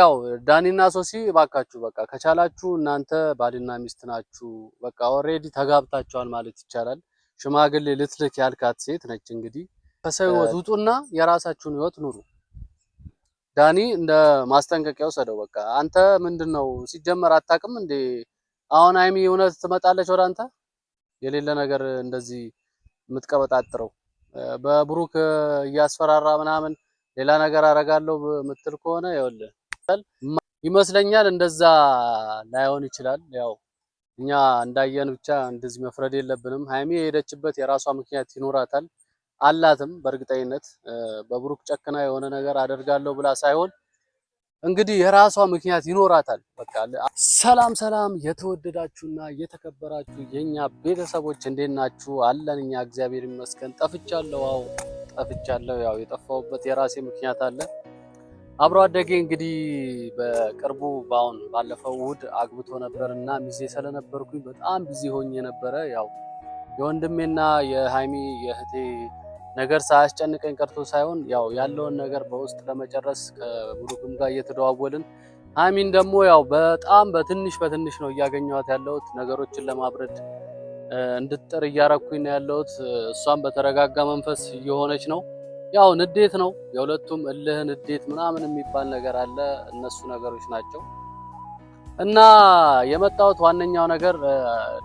ያው ዳኒና ሶሲ እባካችሁ በቃ ከቻላችሁ እናንተ ባልና ሚስት ናችሁ። በቃ ኦሬዲ ተጋብታችኋል ማለት ይቻላል። ሽማግሌ ልትልክ ያልካት ሴት ነች። እንግዲህ ከሰው ህይወት ውጡና የራሳችሁን ህይወት ኑሩ። ዳኒ እንደ ማስጠንቀቂያ ወሰደው። በቃ አንተ ምንድን ነው ሲጀመር አታውቅም እንዴ? አሁን አይሚ እውነት ትመጣለች ወደ አንተ? የሌለ ነገር እንደዚህ የምትቀበጣጥረው በብሩክ እያስፈራራ ምናምን ሌላ ነገር አረጋለሁ የምትል ከሆነ ይኸውልህ ይመስለኛል። እንደዛ ላይሆን ይችላል። ያው እኛ እንዳየን ብቻ እንደዚህ መፍረድ የለብንም። ሀይሚ የሄደችበት የራሷ ምክንያት ይኖራታል አላትም። በእርግጠኝነት በብሩክ ጨክና የሆነ ነገር አደርጋለሁ ብላ ሳይሆን እንግዲህ የራሷ ምክንያት ይኖራታል። በቃ ሰላም ሰላም፣ የተወደዳችሁና የተከበራችሁ የኛ ቤተሰቦች እንዴት ናችሁ? አለን እኛ እግዚአብሔር ይመስገን። ጠፍቻለሁ፣ አዎ ጠፍቻለሁ። ያው የጠፋሁበት የራሴ ምክንያት አለ። አብሮ አደጌ እንግዲህ በቅርቡ በአሁን ባለፈው እሑድ አግብቶ ነበር እና ሚዜ ስለነበርኩኝ በጣም ቢዚ ሆኜ ነበረ። ያው የወንድሜና የሀይሚ የእህቴ ነገር ሳያስጨንቀኝ ቀርቶ ሳይሆን ያው ያለውን ነገር በውስጥ ለመጨረስ ከብሩክም ጋር እየተደዋወልን ሀይሚን ደግሞ ያው በጣም በትንሽ በትንሽ ነው እያገኘኋት ያለሁት ነገሮችን ለማብረድ እንድትጠር እያረኩኝ ነው ያለሁት። እሷም በተረጋጋ መንፈስ እየሆነች ነው ያው ንዴት ነው የሁለቱም እልህ ንዴት ምናምን የሚባል ነገር አለ። እነሱ ነገሮች ናቸው እና የመጣሁት ዋነኛው ነገር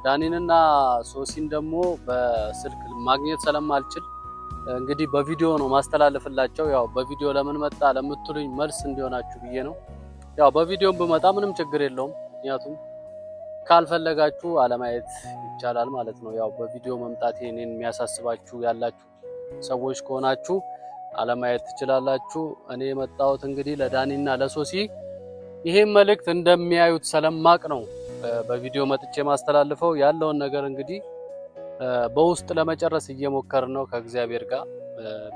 ዳኒንና ሶሲን ደግሞ በስልክ ማግኘት ስለማልችል እንግዲህ በቪዲዮ ነው ማስተላለፍላቸው። ያው በቪዲዮ ለምን መጣ ለምትሉኝ መልስ እንዲሆናችሁ ብዬ ነው። ያው በቪዲዮም ብመጣ ምንም ችግር የለውም። ምክንያቱም ካልፈለጋችሁ አለማየት ይቻላል ማለት ነው። ያው በቪዲዮ መምጣት ይሄንን የሚያሳስባችሁ ያላችሁ ሰዎች ከሆናችሁ አለማየት ትችላላችሁ። እኔ የመጣሁት እንግዲህ ለዳኒና ለሶሲ ይሄን መልእክት እንደሚያዩት ማቅ ነው በቪዲዮ መጥቼ ማስተላልፈው ያለውን ነገር እንግዲህ በውስጥ ለመጨረስ እየሞከርን ነው ከእግዚአብሔር ጋር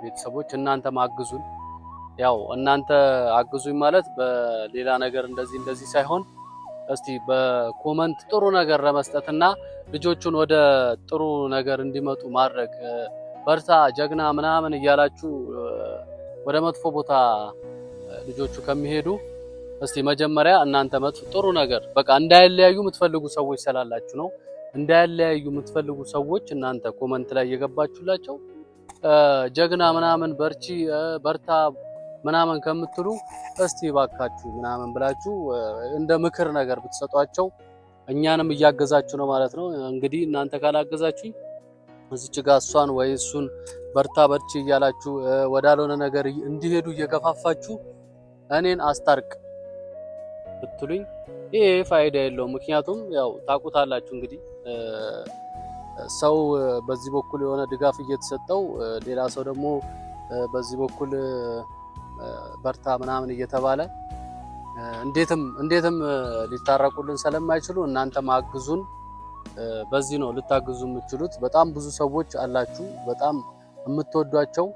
ቤተሰቦች፣ እናንተ ማግዙን፣ ያው እናንተ አግዙኝ ማለት በሌላ ነገር እንደዚህ እንደዚህ ሳይሆን እስቲ በኮመንት ጥሩ ነገር ለመስጠትና ልጆቹን ወደ ጥሩ ነገር እንዲመጡ ማድረግ በርታ ጀግና ምናምን እያላችሁ ወደ መጥፎ ቦታ ልጆቹ ከሚሄዱ እስቲ መጀመሪያ እናንተ መጥፎ ጥሩ ነገር በቃ እንዳይለያዩ የምትፈልጉ ሰዎች ስላላችሁ ነው። እንዳይለያዩ የምትፈልጉ ሰዎች እናንተ ኮመንት ላይ እየገባችሁላቸው ጀግና ምናምን በርቺ በርታ ምናምን ከምትሉ እስቲ ባካችሁ ምናምን ብላችሁ እንደ ምክር ነገር ብትሰጧቸው እኛንም እያገዛችሁ ነው ማለት ነው። እንግዲህ እናንተ ካላገዛችሁኝ እዚች ጋ እሷን ወይ እሱን በርታ በርቺ እያላችሁ ወዳልሆነ ነገር እንዲሄዱ እየገፋፋችሁ እኔን አስታርቅ ብትሉኝ ይሄ ፋይዳ የለውም። ምክንያቱም ያው ታቁታላችሁ እንግዲህ ሰው በዚህ በኩል የሆነ ድጋፍ እየተሰጠው ሌላ ሰው ደግሞ በዚህ በኩል በርታ ምናምን እየተባለ እንዴትም እንዴትም ሊታረቁልን ስለማይችሉ እናንተ አግዙን። በዚህ ነው ልታግዙ የምትችሉት። በጣም ብዙ ሰዎች አላችሁ፣ በጣም የምትወዷቸው፣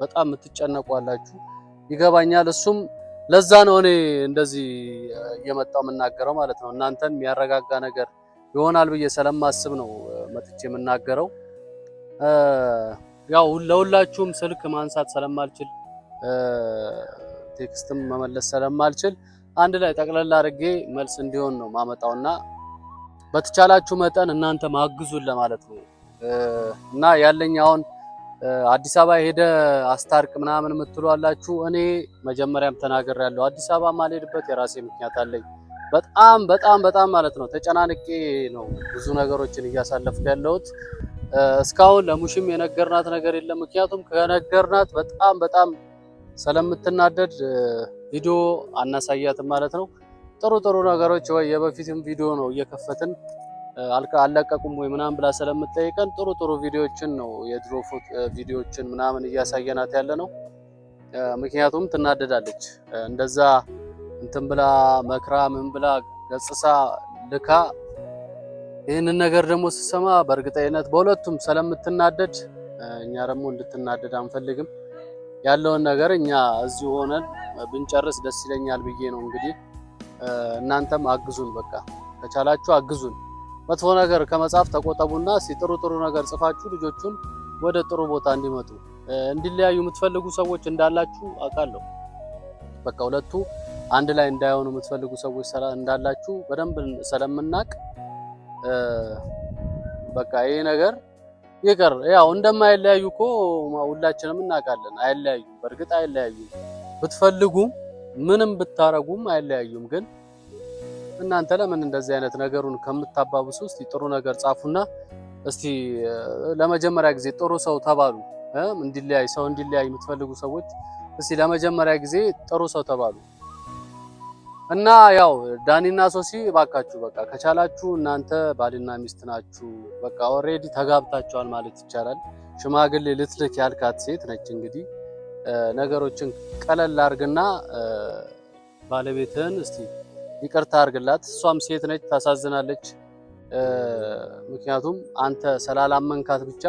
በጣም የምትጨነቁ አላችሁ፣ ይገባኛል። እሱም ለዛ ነው እኔ እንደዚህ እየመጣው የምናገረው ማለት ነው። እናንተን የሚያረጋጋ ነገር ይሆናል ብዬ ስለማስብ ነው መጥቼ የምናገረው። ያው ለሁላችሁም ስልክ ማንሳት ስለማልችል ቴክስትም መመለስ ስለማልችል አንድ ላይ ጠቅለላ አድርጌ መልስ እንዲሆን ነው ማመጣውና በተቻላችሁ መጠን እናንተ ማግዙን ለማለት ነው እና ያለኝ አሁን አዲስ አበባ ሄደ አስታርቅ ምናምን የምትሉ አላችሁ። እኔ መጀመሪያም ተናገር ያለው አዲስ አበባ ማልሄድበት የራሴ ምክንያት አለኝ። በጣም በጣም በጣም ማለት ነው ተጨናንቄ ነው ብዙ ነገሮችን እያሳለፍኩ ያለሁት። እስካሁን ለሙሽም የነገርናት ነገር የለም። ምክንያቱም ከነገርናት በጣም በጣም ስለምትናደድ ቪዲዮ አናሳያትም ማለት ነው። ጥሩ ጥሩ ነገሮች ወይ የበፊትም ቪዲዮ ነው እየከፈትን አለቀቁም ወይ ምናምን ብላ ስለምጠይቀን ጥሩ ጥሩ ቪዲዮዎችን ነው የድሮ ቪዲዮዎችን ምናምን እያሳየናት ያለ ነው። ምክንያቱም ትናደዳለች። እንደዛ እንትን ብላ መክራ ምን ብላ ገጽሳ ልካ ይህንን ነገር ደግሞ ስትሰማ በእርግጠኝነት በሁለቱም ስለምትናደድ እኛ ደግሞ እንድትናደድ አንፈልግም። ያለውን ነገር እኛ እዚሁ ሆነን ብንጨርስ ደስ ይለኛል ብዬ ነው እንግዲህ እናንተም አግዙን፣ በቃ ከቻላችሁ አግዙን። መጥፎ ነገር ከመጻፍ ተቆጠቡና ሲጥሩ ጥሩ ነገር ጽፋችሁ ልጆቹን ወደ ጥሩ ቦታ እንዲመጡ እንዲለያዩ የምትፈልጉ ሰዎች እንዳላችሁ አውቃለሁ። በቃ ሁለቱ አንድ ላይ እንዳይሆኑ የምትፈልጉ ሰዎች እንዳላችሁ በደንብ ስለምናቅ በቃ ይሄ ነገር ይቅር። ያው እንደማይለያዩ እኮ ሁላችንም እናውቃለን። አይለያዩም፣ በእርግጥ አይለያዩም ብትፈልጉም ምንም ብታረጉም አይለያዩም። ግን እናንተ ለምን እንደዚህ አይነት ነገሩን ከምታባብሱ እስቲ ጥሩ ነገር ጻፉና እስቲ ለመጀመሪያ ጊዜ ጥሩ ሰው ተባሉ። እንዲለያይ ሰው እንዲለያይ የምትፈልጉ ሰዎች እስቲ ለመጀመሪያ ጊዜ ጥሩ ሰው ተባሉ እና ያው ዳኒና ሶሲ እባካችሁ በቃ ከቻላችሁ እናንተ ባልና ሚስት ናችሁ። በቃ ኦሬዲ ተጋብታችኋል ማለት ይቻላል። ሽማግሌ ልትልክ ያልካት ሴት ነች እንግዲህ ነገሮችን ቀለል አርግና ባለቤትህን እስቲ ይቅርታ አርግላት። እሷም ሴት ነች፣ ታሳዝናለች። ምክንያቱም አንተ ስላላመንካት ብቻ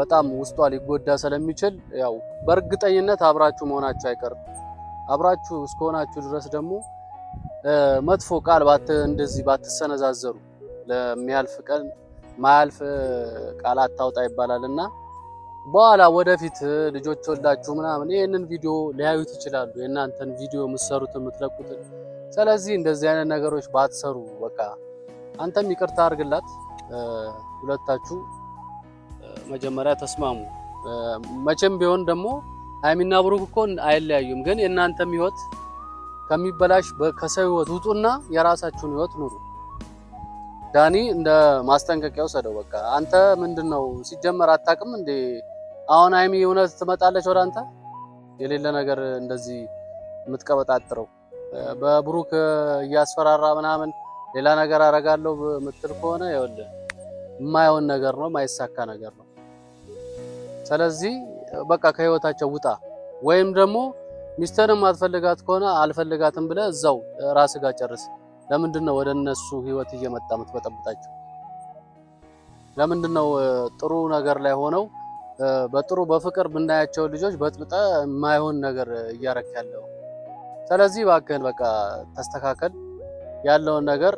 በጣም ውስጧ ሊጎዳ ስለሚችል ያው በእርግጠኝነት አብራችሁ መሆናችሁ አይቀርም። አብራችሁ እስከሆናችሁ ድረስ ደግሞ መጥፎ ቃል እንደዚህ ባትሰነዛዘሩ ለሚያልፍ ቀን ማያልፍ ቃል አታውጣ ይባላል እና በኋላ ወደፊት ልጆች ወልዳችሁ ምናምን ይህንን ቪዲዮ ሊያዩት ይችላሉ፣ የእናንተን ቪዲዮ የምትሰሩት የምትለቁትን። ስለዚህ እንደዚህ አይነት ነገሮች ባትሰሩ በቃ አንተም ይቅርታ አድርግላት። ሁለታችሁ መጀመሪያ ተስማሙ። መቼም ቢሆን ደግሞ ሀይሚና ብሩክ እኮ አይለያዩም፣ ግን የእናንተም ህይወት ከሚበላሽ ከሰው ህይወት ውጡና የራሳችሁን ህይወት ኑሩ። ዳኒ እንደ ማስጠንቀቂያ ሰደው በቃ አንተ ምንድን ነው ሲጀመር አታውቅም እንዴ? አሁን አይሚ እውነት ትመጣለች ወደ አንተ? የሌለ ነገር እንደዚህ የምትቀበጣጥረው በብሩክ እያስፈራራ ምናምን ሌላ ነገር አደርጋለሁ የምትል ከሆነ ይኸውልህ የማይሆን ነገር ነው፣ የማይሳካ ነገር ነው። ስለዚህ በቃ ከህይወታቸው ውጣ። ወይም ደግሞ ሚስተርን ማትፈልጋት ከሆነ አልፈልጋትም ብለህ እዛው ራስህ ጋር ጨርስ። ለምንድን ነው ወደ እነሱ ህይወት እየመጣ የምትበጠብጣቸው? ለምንድን ነው ጥሩ ነገር ላይ ሆነው በጥሩ በፍቅር ብናያቸው ልጆች በጥብጠ የማይሆን ነገር እያረክ ያለው። ስለዚህ እባክህን በቃ ተስተካከል ያለውን ነገር።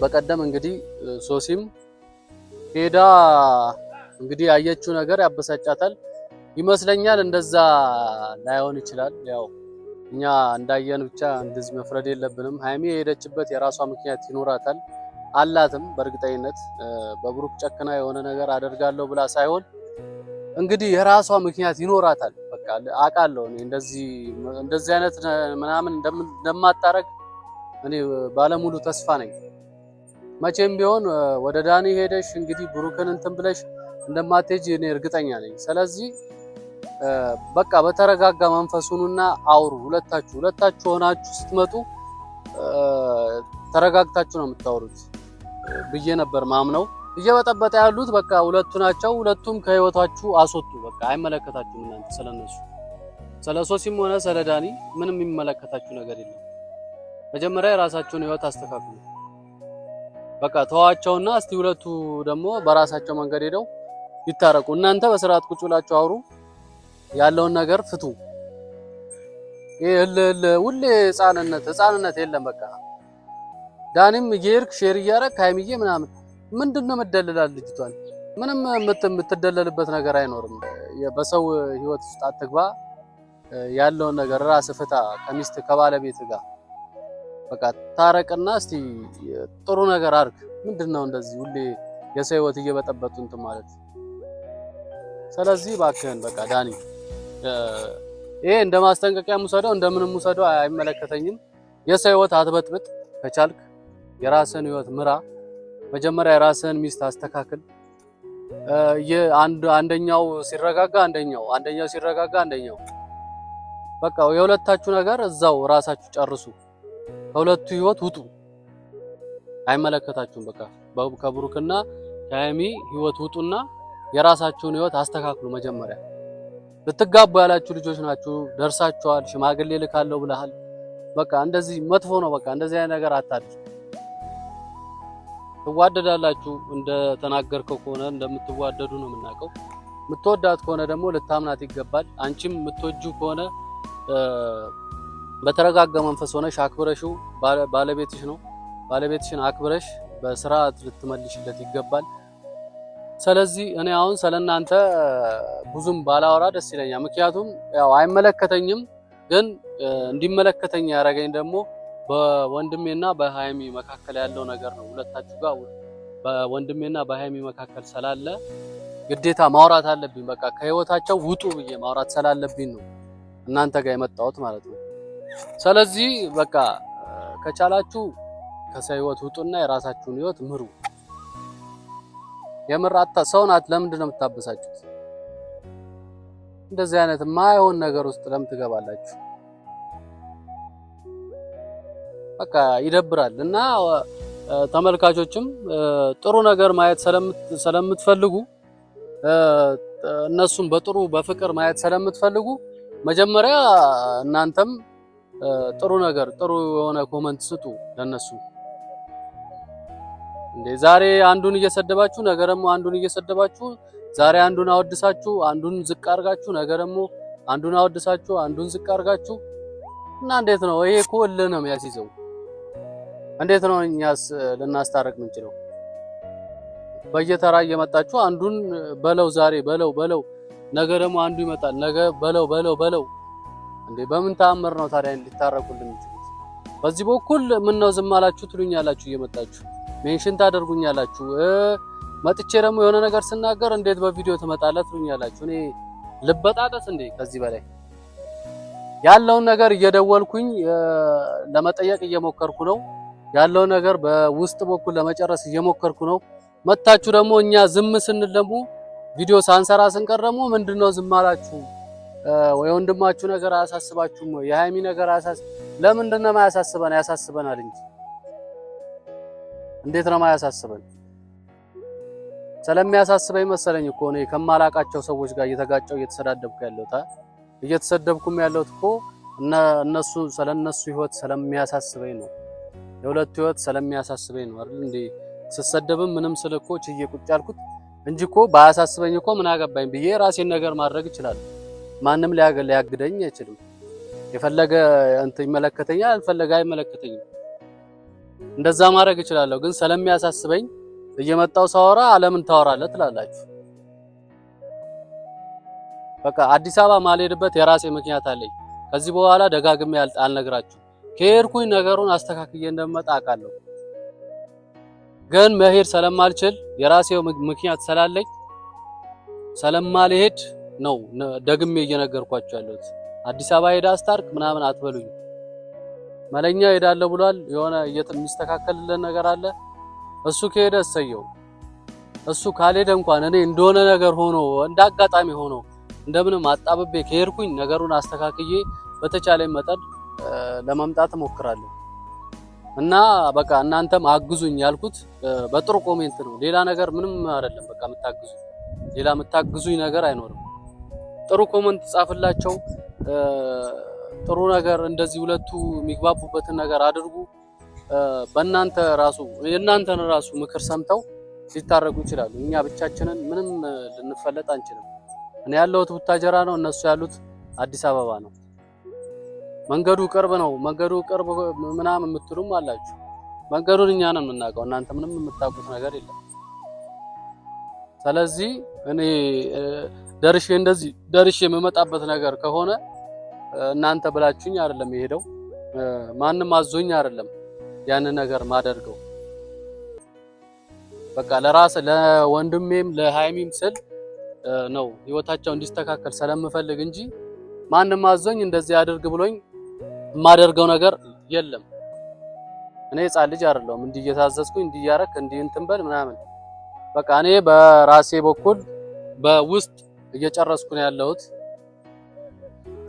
በቀደም እንግዲህ ሶሲም ሄዳ እንግዲህ ያየችው ነገር ያበሳጫታል ይመስለኛል። እንደዛ ላይሆን ይችላል። ያው እኛ እንዳየን ብቻ እንደዚህ መፍረድ የለብንም። ሀይሜ የሄደችበት የራሷ ምክንያት ይኖራታል። አላትም። በእርግጠኝነት በብሩክ ጨክና የሆነ ነገር አደርጋለሁ ብላ ሳይሆን እንግዲህ የራሷ ምክንያት ይኖራታል። በቃ አውቃለሁ እኔ እንደዚህ እንደዚህ አይነት ምናምን እንደማታረግ እኔ ባለሙሉ ተስፋ ነኝ። መቼም ቢሆን ወደ ዳኒ ሄደሽ እንግዲህ ብሩክን እንትን ብለሽ እንደማትሄጂ እኔ እርግጠኛ ነኝ። ስለዚህ በቃ በተረጋጋ መንፈሱንና አውሩ። ሁለታችሁ ሁለታችሁ ሆናችሁ ስትመጡ ተረጋግታችሁ ነው የምታወሩት። ብዬ ነበር ማምነው። እየበጠበጠ ያሉት በቃ ሁለቱ ናቸው። ሁለቱም ከህይወታችሁ አስወጡ። በቃ አይመለከታችሁም እናንተ ስለነሱ ስለ ሶሲም ሆነ ስለ ዳኒ ምንም የሚመለከታችሁ ነገር የለም። መጀመሪያ የራሳቸውን ህይወት አስተካክሉ። በቃ ተዋቸውና እስቲ ሁለቱ ደግሞ በራሳቸው መንገድ ሄደው ይታረቁ። እናንተ በስርዓት ቁጭ ብላችሁ አውሩ፣ ያለውን ነገር ፍቱ። ይህ ሁሌ ህፃንነት ህፃንነት የለም በቃ ዳኒም እየሄድክ ሼር እያደረግ ሀይሚዬ ምናምን ምንድን ነው መደለላል ልጅቷን ምንም የምትደለልበት ነገር አይኖርም። በሰው ህይወት ውስጥ አትግባ። ያለውን ነገር ራስ ፍታ። ከሚስት ከባለቤት ጋር በቃ ታረቅና እስቲ ጥሩ ነገር አድርግ። ምንድን ነው እንደዚህ ሁሌ የሰው ህይወት እየበጠበጡ እንትን ማለት? ስለዚህ እባክህን በቃ ዳኒ፣ ይሄ እንደ ማስጠንቀቂያ ውሰደው፣ እንደምንም ውሰደው፣ አይመለከተኝም። የሰው ህይወት አትበጥብጥ ከቻልክ የራስን ህይወት ምራ። መጀመሪያ የራስን ሚስት አስተካክል። አንደኛው ሲረጋጋ አንደኛው አንደኛው ሲረጋጋ አንደኛው በቃ የሁለታችሁ ነገር እዛው ራሳችሁ ጨርሱ። ከሁለቱ ህይወት ውጡ። አይመለከታችሁም። በቃ ከብሩክና ከሀይሚ ህይወት ውጡና የራሳችሁን ህይወት አስተካክሉ። መጀመሪያ ልትጋቡ ያላችሁ ልጆች ናችሁ፣ ደርሳችኋል። ሽማግሌ ልካለሁ ብለሃል። በቃ እንደዚህ መጥፎ ነው። በቃ እንደዚህ አይነት ነገር አታድርግ። ትዋደዳላችሁ። እንደተናገርከው ከሆነ እንደምትዋደዱ ነው የምናውቀው። የምትወዳት ከሆነ ደግሞ ልታምናት ይገባል። አንቺም የምትወጁ ከሆነ በተረጋጋ መንፈስ ሆነሽ አክብረሽው፣ ባለቤትሽ ነው። ባለቤትሽን አክብረሽ በስርዓት ልትመልሽለት ይገባል። ስለዚህ እኔ አሁን ስለእናንተ ብዙም ባላወራ ደስ ይለኛል። ምክንያቱም ያው አይመለከተኝም፣ ግን እንዲመለከተኝ ያደረገኝ ደግሞ በወንድሜና በሀይሚ መካከል ያለው ነገር ነው። ሁለታችሁ ጋር በወንድሜና በሀይሚ መካከል ስላለ ግዴታ ማውራት አለብኝ። በቃ ከህይወታቸው ውጡ ብዬ ማውራት ስላለብኝ ነው እናንተ ጋር የመጣሁት ማለት ነው። ስለዚህ በቃ ከቻላችሁ ከሰው ህይወት ውጡና የራሳችሁን ህይወት ምሩ። የምር አታ ሰው ናት። ለምንድን ነው የምታበሳችሁት? እንደዚህ አይነት ማይሆን ነገር ውስጥ ለምን ትገባላችሁ? በቃ ይደብራል እና ተመልካቾችም ጥሩ ነገር ማየት ስለምትፈልጉ እነሱም በጥሩ በፍቅር ማየት ስለምትፈልጉ መጀመሪያ እናንተም ጥሩ ነገር ጥሩ የሆነ ኮመንት ስጡ ለነሱ። እንዴ ዛሬ አንዱን እየሰደባችሁ ነገ ደግሞ አንዱን እየሰደባችሁ፣ ዛሬ አንዱን አወድሳችሁ አንዱን ዝቅ አርጋችሁ፣ ነገ ደግሞ አንዱን አወድሳችሁ አንዱን ዝቅ አርጋችሁ እና እንዴት ነው ይሄ እኮ እልህ ነው የሚያስይዘው። እንዴት ነው እኛስ ልናስታረቅ ምንችለው? በየተራ እየመጣችሁ አንዱን በለው ዛሬ በለው በለው፣ ነገ ደግሞ አንዱ ይመጣል፣ ነገ በለው በለው በለው። እንዴ በምን ተአምር ነው ታዲያ ሊታረቁልን የሚችሉት? በዚህ በኩል ምን ነው ዝም አላችሁ ትሉኛላችሁ፣ እየመጣችሁ ሜንሽን ታደርጉኛላችሁ። መጥቼ ደግሞ የሆነ ነገር ስናገር እንዴት በቪዲዮ ትመጣለህ ትሉኛላችሁ። እኔ ልበጣጠስ እንዴ ከዚህ በላይ ያለውን ነገር እየደወልኩኝ ለመጠየቅ እየሞከርኩ ነው። ያለው ነገር በውስጥ በኩል ለመጨረስ እየሞከርኩ ነው። መታችሁ ደግሞ እኛ ዝም ስንል ደግሞ ቪዲዮ ሳንሰራ ስንቀር ደግሞ ምንድነው ዝም አላችሁ? የወንድማችሁ ነገር አያሳስባችሁም ነው? የሃይሚ ነገር አያሳስ ለምንድን ነው ማያሳስበን? ያሳስበናል እንጂ እንዴት ነው ማያሳስበን? ስለሚያሳስበኝ መሰለኝ እኮ እኔ ከማላቃቸው ሰዎች ጋር እየተጋጨው እየተሰዳደብኩ ያለሁት እየተሰደብኩም ያለሁት እኮ እነሱ ስለነሱ ህይወት ስለሚያሳስበኝ ነው። የሁለቱ ህይወት ስለሚያሳስበኝ ነው አይደል እንዴ? ስሰደብም ምንም ስል እኮ ችዬ ቁጭ ያልኩት እንጂ እኮ ባያሳስበኝ እኮ ምን አገባኝ ብዬ ራሴን ነገር ማድረግ እችላለሁ። ማንም ሊያግደኝ አይችልም። የፈለገ እንትን ይመለከተኛል፣ አልፈለገ አይመለከተኝም። እንደዛ ማድረግ እችላለሁ። ግን ስለሚያሳስበኝ እየመጣው ሳወራ ዓለምን ታወራለህ ትላላችሁ። በቃ አዲስ አበባ ማልሄድበት የራሴ ምክንያት አለኝ። ከዚህ በኋላ ደጋግሜ አልነግራችሁ ከሄድኩኝ ነገሩን አስተካክዬ እንደመጣ አውቃለሁ። ግን መሄድ ስለማልችል የራሴው ምክንያት ስላለኝ ስለማልሄድ ነው ደግሜ እየነገርኳቸው ያለሁት። አዲስ አበባ ሄዳ አስታርቅ ምናምን አትበሉኝ። መለኛ ሄዳለሁ ብሏል። የሆነ የሚስተካከልልን ነገር አለ። እሱ ከሄደ እሰየው። እሱ ካልሄደ እንኳን እኔ እንደሆነ ነገር ሆኖ እንዳጋጣሚ ሆኖ እንደምንም አጣብቤ ከሄድኩኝ ነገሩን አስተካክዬ በተቻለ መጠን ለመምጣት እሞክራለሁ እና በቃ እናንተም አግዙኝ ያልኩት በጥሩ ኮሜንት ነው። ሌላ ነገር ምንም አይደለም። በቃ የምታግዙ ሌላ የምታግዙኝ ነገር አይኖርም። ጥሩ ኮሜንት ጻፍላቸው፣ ጥሩ ነገር እንደዚህ ሁለቱ የሚግባቡበትን ነገር አድርጉ። በእናንተ ራሱ የእናንተን ራሱ ምክር ሰምተው ሊታረጉ ይችላሉ። እኛ ብቻችንን ምንም ልንፈለጥ አንችልም። እኔ ያለሁት ቡታጀራ ነው፣ እነሱ ያሉት አዲስ አበባ ነው። መንገዱ ቅርብ ነው፣ መንገዱ ቅርብ ምናምን የምትሉም አላችሁ። መንገዱን እኛ ነን የምናውቀው፣ እናንተ ምንም የምታውቁት ነገር የለም። ስለዚህ እኔ ደርሼ እንደዚህ ደርሼ የምመጣበት ነገር ከሆነ እናንተ ብላችሁኝ አይደለም የሄደው፣ ማንም አዞኝ አይደለም ያንን ነገር ማደርገው። በቃ ለራስ ለወንድሜም ለሃይሚም ስል ነው ህይወታቸው እንዲስተካከል ስለምፈልግ እንጂ ማንም አዞኝ እንደዚህ አድርግ ብሎኝ የማደርገው ነገር የለም። እኔ ህፃን ልጅ አይደለሁም። እንዲህ እየታዘዝኩኝ እንዲህ እያረክ እንዲህ እንትን በል ምናምን በቃ እኔ በራሴ በኩል በውስጥ እየጨረስኩ ነው ያለሁት።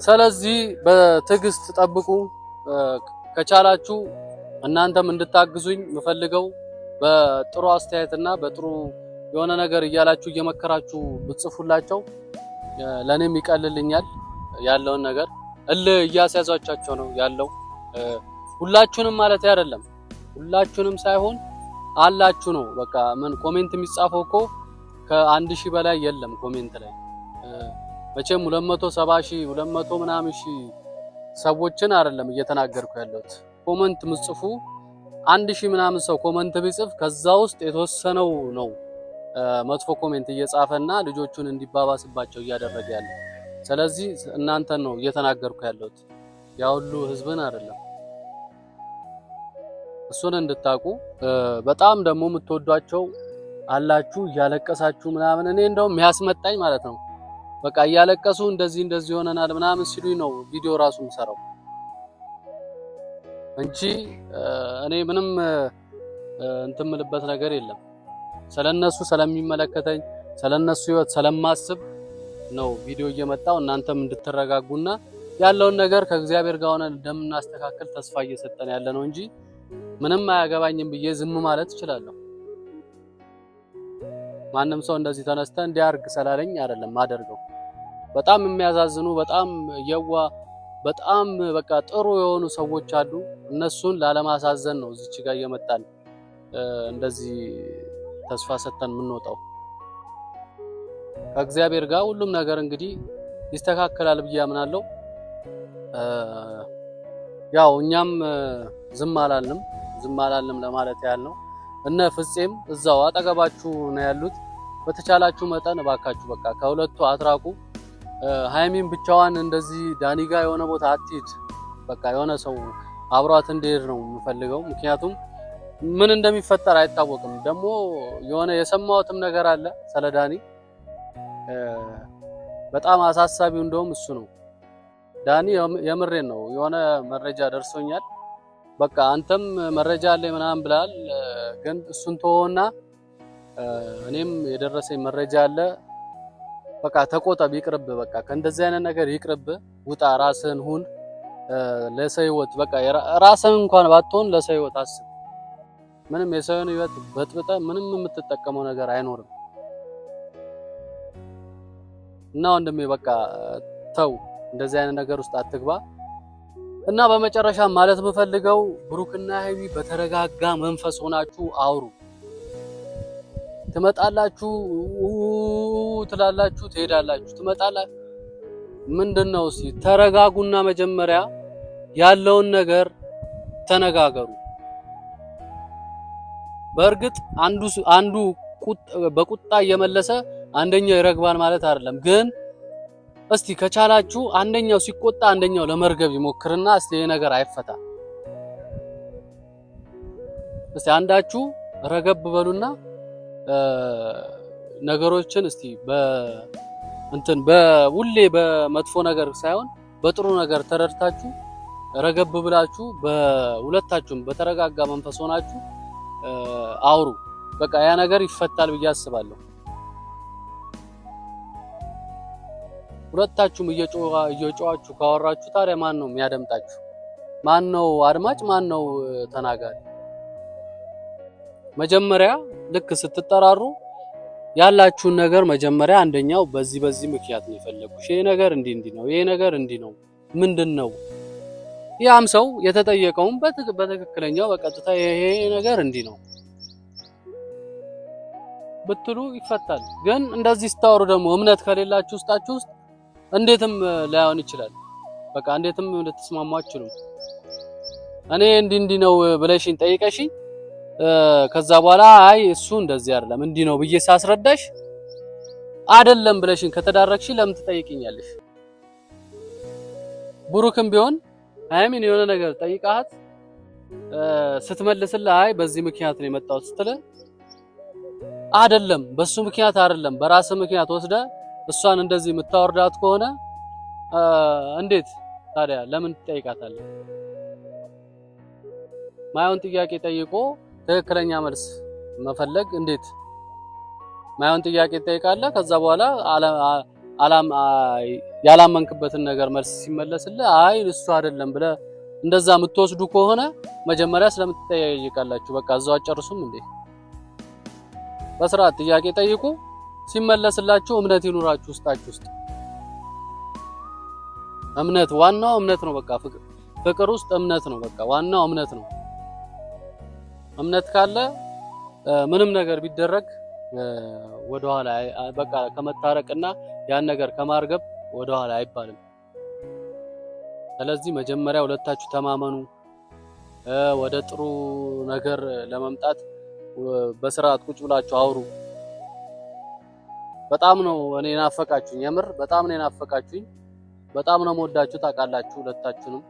ስለዚህ በትዕግስት ጠብቁ። ከቻላችሁ እናንተም እንድታግዙኝ የምፈልገው በጥሩ አስተያየትና በጥሩ የሆነ ነገር እያላችሁ እየመከራችሁ ብትጽፉላቸው ለእኔም ይቀልልኛል ያለውን ነገር እልህ እያስያዟቻቸው ነው ያለው። ሁላችሁንም ማለት አይደለም፣ ሁላችሁንም ሳይሆን አላችሁ ነው። በቃ ምን ኮሜንት የሚጻፈው እኮ ከአንድ ሺህ በላይ የለም ኮሜንት ላይ መቼም 270 ሺህ 200 ምናምን ሺህ ሰዎችን አይደለም እየተናገርኩ ያለሁት። ኮመንት ምጽፉ አንድ ሺህ ምናምን ሰው ኮመንት ቢጽፍ ከዛ ውስጥ የተወሰነው ነው መጥፎ ኮሜንት እየጻፈና ልጆቹን እንዲባባስባቸው እያደረገ ያለው። ስለዚህ እናንተን ነው እየተናገርኩ ያለሁት ያ ሁሉ ህዝብን አይደለም። እሱን እንድታቁ በጣም ደግሞ የምትወዷቸው አላችሁ እያለቀሳችሁ ምናምን። እኔ እንደውም የሚያስመጣኝ ማለት ነው በቃ እያለቀሱ እንደዚህ እንደዚህ ሆነናል ምናምን ሲሉኝ ነው ቪዲዮ ራሱ የምሰራው እንጂ እኔ ምንም እንትምልበት ነገር የለም። ስለነሱ ስለሚመለከተኝ ስለነሱ ህይወት ስለማስብ ነው ቪዲዮ እየመጣው እናንተም እንድትረጋጉና ያለውን ነገር ከእግዚአብሔር ጋር ሆነን እንደምናስተካከል ተስፋ እየሰጠን ያለ ነው እንጂ ምንም አያገባኝም ብዬ ዝም ማለት እችላለሁ። ማንም ሰው እንደዚህ ተነስተ እንዲያርግ ስላለኝ አይደለም ማደርገው። በጣም የሚያሳዝኑ በጣም የዋ በጣም በቃ ጥሩ የሆኑ ሰዎች አሉ። እነሱን ላለማሳዘን ነው እዚች ጋር እየመጣን እንደዚህ ተስፋ ሰጥተን የምንወጣው። ከእግዚአብሔር ጋር ሁሉም ነገር እንግዲህ ይስተካከላል ብዬ አምናለሁ። ያው እኛም ዝም አላልንም፣ ዝም አላልንም ለማለት ያህል ነው። እነ ፍፄም እዛው አጠገባችሁ ነው ያሉት። በተቻላችሁ መጠን እባካችሁ በቃ ከሁለቱ አትራቁ። ሀይሚን ብቻዋን እንደዚህ ዳኒጋ የሆነ ቦታ አትሂድ። በቃ የሆነ ሰው አብሯት እንዲሄድ ነው የምፈልገው። ምክንያቱም ምን እንደሚፈጠር አይታወቅም። ደግሞ የሆነ የሰማሁትም ነገር አለ ስለ ዳኒ በጣም አሳሳቢው እንደውም እሱ ነው። ዳኒ የምሬን ነው። የሆነ መረጃ ደርሶኛል። በቃ አንተም መረጃ አለ ምናምን ብላል፣ ግን እሱን ተወውና እኔም የደረሰኝ መረጃ አለ። በቃ ተቆጠብ፣ ይቅርብ። በቃ ከእንደዚህ አይነት ነገር ይቅርብ፣ ውጣ፣ ራስህን ሁን፣ ለሰው ህይወት በቃ ራስህን እንኳን ባትሆን ለሰው ህይወት አስብ። ምንም የሰውን ህይወት በጥብጠ ምንም የምትጠቀመው ነገር አይኖርም። እና ወንድሜ በቃ ተው፣ እንደዚህ አይነት ነገር ውስጥ አትግባ። እና በመጨረሻ ማለት የምፈልገው ብሩክና ሀይሚ በተረጋጋ መንፈስ ሆናችሁ አውሩ። ትመጣላችሁ፣ ትላላችሁ፣ ትሄዳላችሁ፣ ትመጣላችሁ። ምንድን ነው እስኪ ተረጋጉና መጀመሪያ ያለውን ነገር ተነጋገሩ። በእርግጥ አንዱ አንዱ በቁጣ እየመለሰ አንደኛው ይረግባል ማለት አይደለም፣ ግን እስቲ ከቻላችሁ አንደኛው ሲቆጣ አንደኛው ለመርገብ ይሞክርና እስቲ ይሄ ነገር አይፈታ። እስቲ አንዳችሁ ረገብ በሉና ነገሮችን እስቲ እንትን በሁሌ በመጥፎ ነገር ሳይሆን በጥሩ ነገር ተረድታችሁ ረገብ ብላችሁ በሁለታችሁም በተረጋጋ መንፈስ ሆናችሁ አውሩ። በቃ ያ ነገር ይፈታል ብዬ አስባለሁ። ሁለታችሁም እየጮዋችሁ ካወራችሁ ታዲያ ማን ነው የሚያደምጣችሁ? ማን ነው አድማጭ? ማን ነው ተናጋሪ? መጀመሪያ ልክ ስትጠራሩ ያላችሁን ነገር መጀመሪያ አንደኛው በዚህ በዚህ ምክንያት ነው የፈለግኩሽ፣ ይሄ ነገር እንዲህ እንዲህ ነው፣ ይሄ ነገር እንዲህ ነው፣ ምንድን ነው? ያም ሰው የተጠየቀውን በትክክለኛው በቀጥታ ይሄ ነገር እንዲህ ነው ብትሉ ይፈታል። ግን እንደዚህ ስታወሩ ደግሞ እምነት ከሌላችሁ ውስጣችሁ ውስጥ እንዴትም ላይሆን ይችላል። በቃ እንዴትም ልትስማሙ አትችሉም። እኔ እንዲህ እንዲህ ነው ብለሽኝ ጠይቀሽኝ ከዛ በኋላ አይ እሱ እንደዚህ አይደለም እንዲህ ነው ብዬ ሳስረዳሽ አይደለም ብለሽኝ ከተዳረክሽ ለምን ትጠይቅኛለሽ? ብሩክም ቢሆን ሀይሚን የሆነ ነገር ጠይቃት ስትመልስልህ አይ በዚህ ምክንያት ነው የመጣሁት ስትልህ አይደለም በሱ ምክንያት አይደለም በራስ ምክንያት ወስደ እሷን እንደዚህ የምታወርዳት ከሆነ እንዴት ታዲያ ለምን ትጠይቃታለህ? ማየውን ጥያቄ ጠይቆ ትክክለኛ መልስ መፈለግ እንዴት ማየውን ጥያቄ ትጠይቃለህ? ከዛ በኋላ ያላመንክበትን ነገር መልስ ሲመለስልህ አይ እሱ አይደለም ብለ እንደዛ የምትወስዱ ከሆነ መጀመሪያ ስለምትጠያየቃላችሁ በቃ እዛው አጨርሱም እንዴ? በስርዓት ጥያቄ ጠይቁ። ሲመለስላችሁ እምነት ይኑራችሁ ውስጣችሁ ውስጥ እምነት ዋናው እምነት ነው። በቃ ፍቅር ፍቅር ውስጥ እምነት ነው። በቃ ዋናው እምነት ነው። እምነት ካለ ምንም ነገር ቢደረግ ወደኋላ በቃ ከመታረቅና ያን ነገር ከማርገብ ወደኋላ አይባልም። ስለዚህ መጀመሪያ ሁለታችሁ ተማመኑ። ወደ ጥሩ ነገር ለመምጣት በስርዓት ቁጭ ብላችሁ አውሩ። በጣም ነው እኔ ናፈቃችሁኝ። የምር በጣም ነው ናፈቃችሁኝ። በጣም ነው መወዳችሁ ታውቃላችሁ ሁለታችሁንም።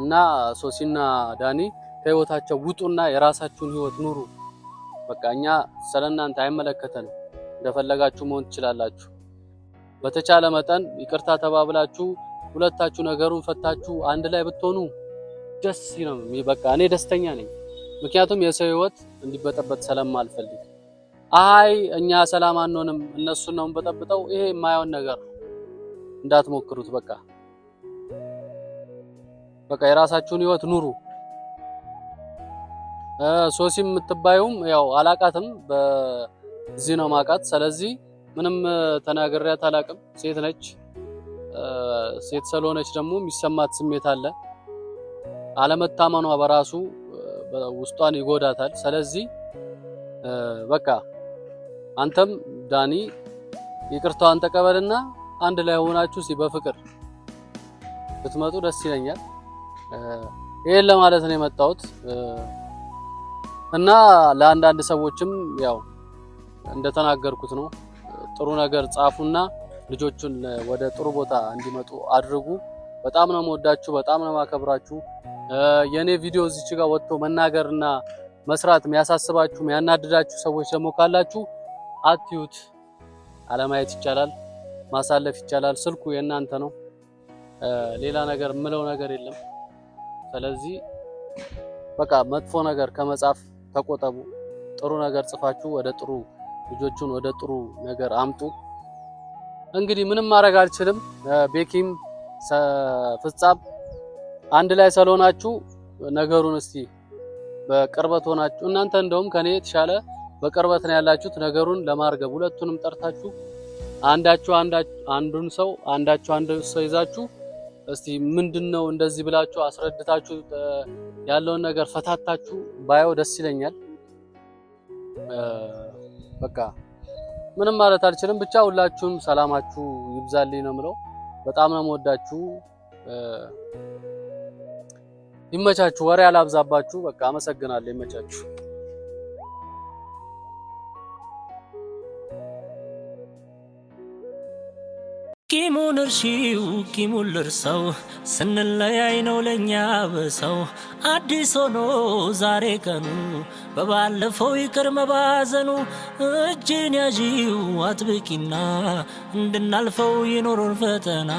እና ሶሲና ዳኒ ከህይወታቸው ውጡና የራሳችሁን ህይወት ኑሩ። በቃ እኛ ስለእናንተ አይመለከተንም። እንደፈለጋችሁ መሆን ትችላላችሁ። በተቻለ መጠን ይቅርታ ተባብላችሁ ሁለታችሁ ነገሩን ፈታችሁ አንድ ላይ ብትሆኑ ደስ ነው። በቃ እኔ ደስተኛ ነኝ፣ ምክንያቱም የሰው ህይወት እንዲበጠበጥ ሰላም አይ እኛ ሰላም አንሆንም፣ እነሱን ነው በጠብጠው። ይሄ የማየውን ነገር እንዳትሞክሩት። በቃ በቃ የራሳችሁን ህይወት ኑሩ። ሶሲም የምትባዩም ያው አላቃትም፣ በዚህ ነው ማቃት። ስለዚህ ምንም ተናግሬያት አላቅም። ሴት ነች። ሴት ስለሆነች ደግሞ የሚሰማት ስሜት አለ። አለመታመኗ በራሱ ውስጧን ይጎዳታል። ስለዚህ በቃ አንተም ዳኒ ይቅርታዋን ተቀበልና አንድ ላይ ሆናችሁ ሲ በፍቅር ብትመጡ ደስ ይለኛል። ይሄን ለማለት ነው የመጣሁት እና ለአንዳንድ ሰዎችም ያው እንደተናገርኩት ነው። ጥሩ ነገር ጻፉና ልጆቹን ወደ ጥሩ ቦታ እንዲመጡ አድርጉ። በጣም ነው ወዳችሁ በጣም ነው ማከብራችሁ። የኔ ቪዲዮ እዚች ጋር ወጥቶ መናገርና መስራት የሚያሳስባችሁ የሚያናድዳችሁ ሰዎች ደግሞ ካላችሁ አትዩት። አለማየት ይቻላል፣ ማሳለፍ ይቻላል። ስልኩ የእናንተ ነው። ሌላ ነገር የምለው ነገር የለም። ስለዚህ በቃ መጥፎ ነገር ከመጻፍ ተቆጠቡ። ጥሩ ነገር ጽፋችሁ ወደ ጥሩ ልጆቹን ወደ ጥሩ ነገር አምጡ። እንግዲህ ምንም ማድረግ አልችልም። ቤኪም ፍጻም አንድ ላይ ስለሆናችሁ ነገሩን እስቲ በቅርበት ሆናችሁ እናንተ እንደውም ከኔ የተሻለ በቅርበት ነው ያላችሁት። ነገሩን ለማርገብ ሁለቱንም ጠርታችሁ አንዳችሁ አንዱን ሰው አንዳችሁ አንድ ሰው ይዛችሁ እስቲ ምንድነው እንደዚህ ብላችሁ አስረድታችሁ ያለውን ነገር ፈታታችሁ ባየው ደስ ይለኛል። በቃ ምንም ማለት አልችልም። ብቻ ሁላችሁም ሰላማችሁ ይብዛልኝ ነው የምለው። በጣም ነው የምወዳችሁ። ይመቻችሁ። ወሬ አላብዛባችሁ። በቃ አመሰግናለሁ። ይመቻችሁ። ቂሙን እርሺው ቂሙን ልርሰው ስንለያይ ነው ለእኛ በሰው አዲስ ሆኖ ዛሬ ቀኑ በባለፈው ይቅር መባዘኑ እጅን ያዢው አትብቂና እንድናልፈው ይኖሮን ፈተና